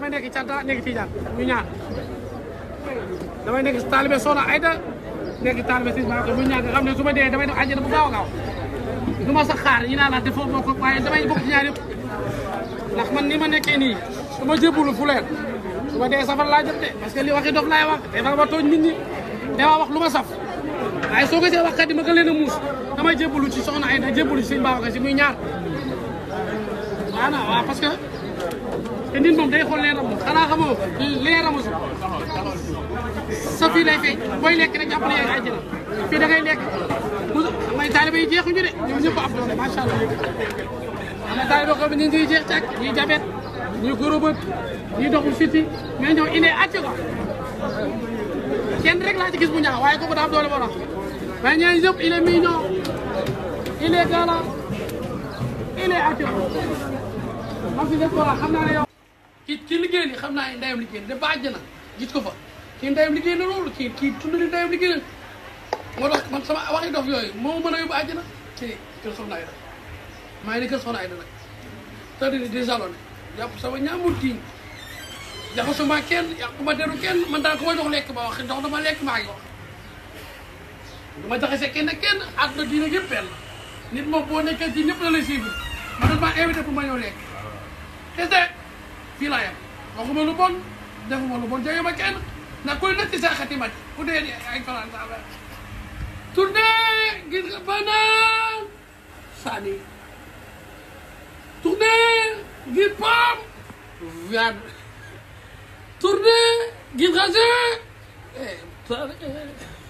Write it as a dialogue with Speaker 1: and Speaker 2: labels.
Speaker 1: amene ki canta ne ki tijan ñu ñaar damay nek talibé sona ayda nek talibé sis ma ko ñu ñaar xamne suma dé damay def aljana bu gaaw gaaw duma sax xaar ñi naan la defo boko waye damay bokk ñaar yëp ndax man ni ma nekké ni suma jébulu fu Pas kali dé dok la dia dé parce que Dia waxi lu masak. Ayo té fa ba mus damay te nit moom day xool leeramu xanaa xamoo leeramu sa fii lay feeñ booy lekk rek jàpp na yaa ngi àjjana fii da ngay lekk mu may taaliba yi jeexuñu de ñoom ñëpp am doole ñu ngi jeex teg ñuy jabet ñuy góoróbët ñuy doxul siti mais ñoom indee àcc ko kenn rek laa ci gis bu ñaaw waaye kooku daa am doole boo tax mais ñooñu ñëpp il est mignon il est ki liggéey ni xam naa ne ndeyam liggéey dem ba àjjana gis ko fa kii ndeyam liggéey na loolu kii kii tund ni ndeyam liggéey na moo tax man sama waxi dof yooyu moo mën a yóbbu àjjana ci kër soxna ay dara maa ngi ne kër soxna ay dara tëdd ni di salone jàpp sama ñaamul tiim jaxasuma kenn yàquma deru kenn man daal ku ma jox lekk ba wax jox dama lek, maa ngi wax dama jaxase kenn kenn àdduna diina yëpp nit moom boo nekkee ci ñëpp la lay suivre man dama invité pour ma ñëw lekk c'est filaayam waxuma lu bon defuma lu bon jege ma kenn na kuy natt sa xati ma ku dee di ay kalaan sa tourné gis nga banaan sani tourné gi pam vian tourné gi eh